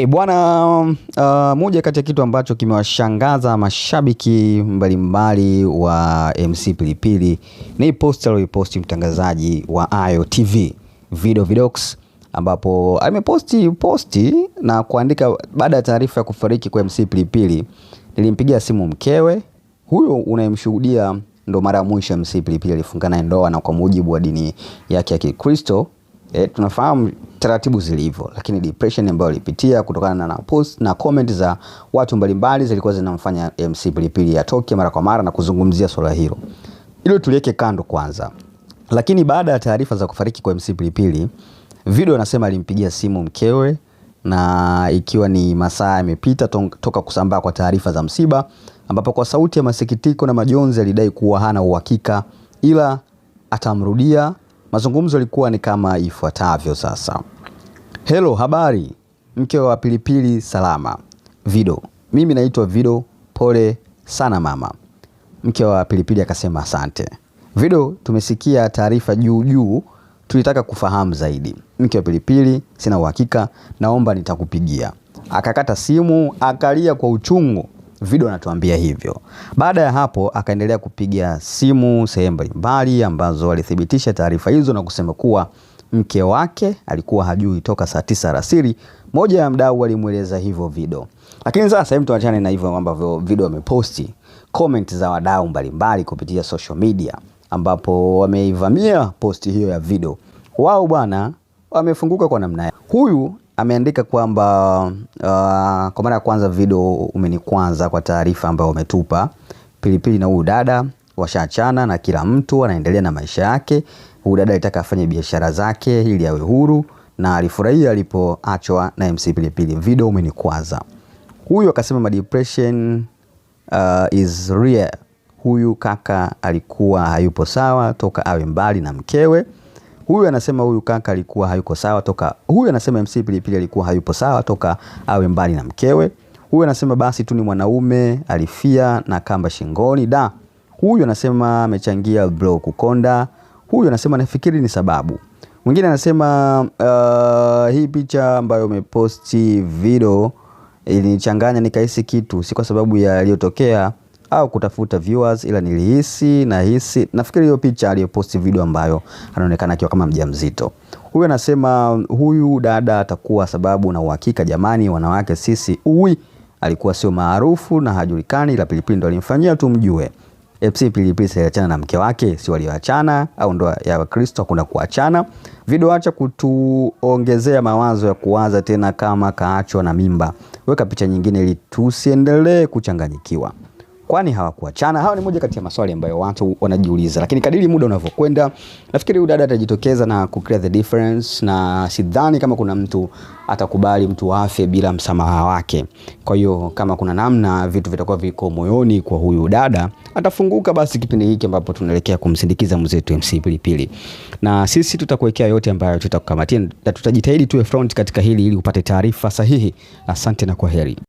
E bwana, uh, moja kati ya kitu ambacho kimewashangaza mashabiki mbalimbali wa MC Pilipili ni post aliyoiposti mtangazaji wa Ayo TV Video Vidox, ambapo ameposti posti na kuandika, baada ya taarifa ya kufariki kwa MC Pilipili nilimpigia simu mkewe. Huyo unayemshuhudia ndo mara ya mwisho MC Pilipili alifunga naye ndoa, na kwa mujibu wa dini yake ya Kikristo, e, tunafahamu taratibu zilivyo, lakini depression ambayo alipitia kutokana na post na comment za watu mbalimbali zilikuwa zinamfanya MC Pilipili atoke mara kwa mara na kuzungumzia swala hilo. Hilo tuliweke kando kwanza. Lakini baada ya taarifa za kufariki kwa MC Pilipili, video anasema alimpigia simu mkewe na ikiwa ni masaa yamepita toka kusambaa kwa taarifa za msiba, ambapo kwa sauti ya masikitiko na majonzi alidai kuwa hana uhakika ila atamrudia Mazungumzo yalikuwa ni kama ifuatavyo sasa. Hello, habari. Mke wa Pilipili salama? Vido, mimi naitwa Vido. Pole sana mama. Mke wa Pilipili akasema asante. Vido, tumesikia taarifa juu juu, tulitaka kufahamu zaidi. Mke wa Pilipili, sina uhakika, naomba nitakupigia. Akakata simu, akalia kwa uchungu video anatuambia hivyo. Baada ya hapo akaendelea kupiga simu sehemu mbalimbali ambazo alithibitisha taarifa hizo na kusema kuwa mke wake alikuwa hajui toka saa tisa alasiri. Moja ya mdau alimweleza hivyo video, lakini sasa hebu tuachane na hivyo ambavyo video ameposti comment za wadau mbalimbali kupitia social media, ambapo wameivamia posti hiyo ya video. Wao bwana wamefunguka kwa namna huyu ameandika kwamba uh, kwa mara ya kwanza video umenikwanza kwa taarifa ambayo umetupa. Pilipili na huyu dada washaachana na kila mtu anaendelea na maisha yake. Huyu dada alitaka afanye biashara zake ili awe huru na alifurahia alipoachwa na MC Pilipili. Video umenikwaza. Huyu akasema my depression uh, is real. Huyu kaka alikuwa hayupo sawa toka awe mbali na mkewe huyu anasema huyu kaka alikuwa hayuko sawa toka, huyu anasema MC Pilipili alikuwa hayupo sawa toka awe mbali na mkewe, huyu anasema basi tu ni mwanaume alifia na kamba shingoni, da huyu anasema amechangia bro kukonda, huyu anasema nafikiri ni sababu. Mwingine anasema uh, hii picha ambayo umeposti video ilinichanganya nikahisi kitu, si kwa sababu ya yaliyotokea au kutafuta viewers, ila nilihisi nahisi, nafikiri hiyo picha aliyoposti video ambayo anaonekana akiwa kama mjamzito. Huyu anasema huyu dada atakuwa sababu na uhakika. Jamani wanawake sisi, ui alikuwa sio maarufu na hajulikani, ila Pilipili ndo alimfanyia mjue FC Pilipili aliachana na mke wake, si walioachana au ndoa ya Wakristo hakuna kuachana. Video acha kutuongezea mawazo ya kuwaza tena kama kaachwa na mimba. Weka picha nyingine ili tusiendelee kuchanganyikiwa kwani hawakuachana? Hawa ni moja kati ya maswali ambayo watu wanajiuliza, lakini kadiri muda unavyokwenda, nafikiri huyu dada atajitokeza na ku clear the difference, na sidhani kama kuna mtu atakubali mtu afe bila msamaha wake. Kwa hiyo kama kuna namna vitu vitakuwa viko moyoni kwa huyu dada, atafunguka basi kipindi hiki ambapo tunaelekea kumsindikiza wetu MC Pilipili, na sisi tutakuwekea yote ambayo tutakukamatia na tutajitahidi tuwe front katika hili ili upate taarifa sahihi. Asante na kwa heri.